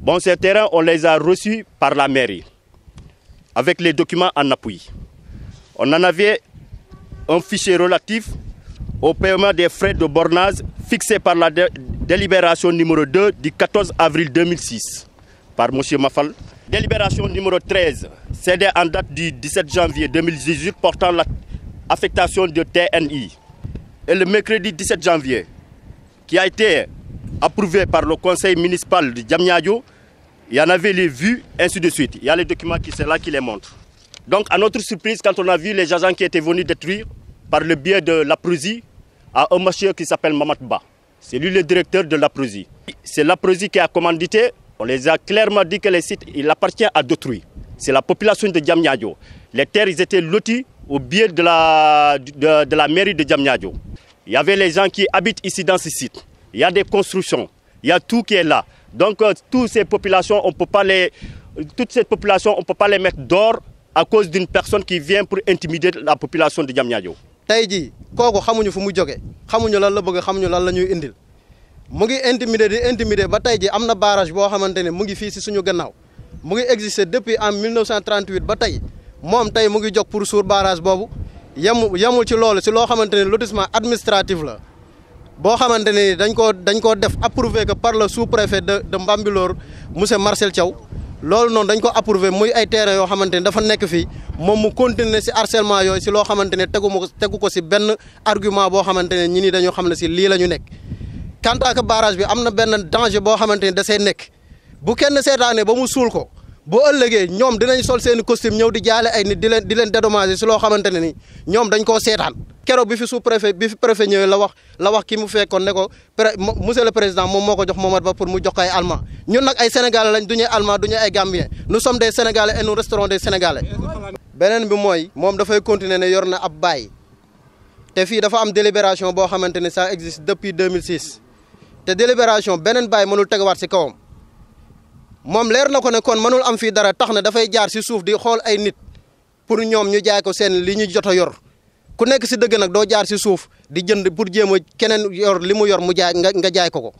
Bon, ces terrains, on les a reçus par la mairie, avec les documents en appui. On en avait un fichier relatif au paiement des frais de bornage fixé par la délibération numéro 2 du 14 avril 2006 par M. Mafal. Délibération numéro 13, cédée en date du 17 janvier 2018 portant l'affectation de TNI. Et le mercredi 17 janvier, qui a été approuvé par le conseil municipal de Djamniadio. Il y en avait les vues, ainsi de suite. Il y a les documents qui sont là qui les montrent. Donc, à notre surprise, quand on a vu les agents qui étaient venus détruire, par le biais de la à un monsieur qui s'appelle Mamadba, C'est lui le directeur de la C'est la qui a commandité. On les a clairement dit que les sites, il appartient à d'autrui. C'est la population de Djamniadio. Les terres, ils étaient lotis au biais de la, de, la mairie de Djamniadio. Il y avait les gens qui habitent ici dans ce site il y a des constructions, il y a tout qui est là. Donc euh, toutes ces populations, on peut pas les, toute cette population, on peut pas les mettre dehors à cause d'une personne qui vient pour intimider la population de Diamniadio. tey jii kooku xamuñu fu mu jóge xamuñu lan la bëgg xamuñu lan la ñuy indil mu ngi intimider di intimider ba tey jii am na barrage boo xamante ne mu ngi fii si suñu gannaaw mu ngi exister depuis en 1938 ba tay moom tey mu ngi jog pour suur barrage boobu yemul yemul ci loolu si loo xamante ne lotissement administratif la. boo xamante ne dañ koo dañ koo def approuvé que par le sous-préfet de de Mbambilor monsieur Marcel Thiaw loolu noonu dañ ko approuvé muy ay terrain yoo xamante ne dafa nekk fii moom mu continuer si harcèlement yooyu si loo xamante ne tegu ma tegu ko si benn argument boo xamante ne ñi nii dañoo xam ne si lii lañu nekk. quant barage bi am na benn danger boo xamante ne da see nekk bu kenn seetaanee ba mu suul ko. boo ëllëgee ñoom dinañ sol seen i costume ñëw di jaale ay nit di leen di leen dédommager loo xamante ne ni ñoom dañ ko seetaan keroog bi fi su préfet bi fi préfet ñëwee la wax la wax ki mu fekkoon ne ko monsieur le président moom moo ko jox Momar Ba pour mu jox ko ay allemand ñun nag ay sénégalais lañ du ñuy allemand ñu ay gambien nous sommes des sénégalais et nous resterons des sénégalais. beneen bi mooy moom dafay continuer ne yor na ab baay te fii dafa am délibération boo xamante ne ça existe depuis 2006 te délibération beneen baay mënul tegawaat si kawam. moom leer na ko ne kon mënul am fii dara tax na dafay jaar si suuf di xool ay nit pour ñoom ñu jaay ko seen li ñu jot a yor ku nekk si dëgg nag doo jaar si suuf di jënd pour jéem a keneen yor li mu yor mu jaay nga nga jaay ko ko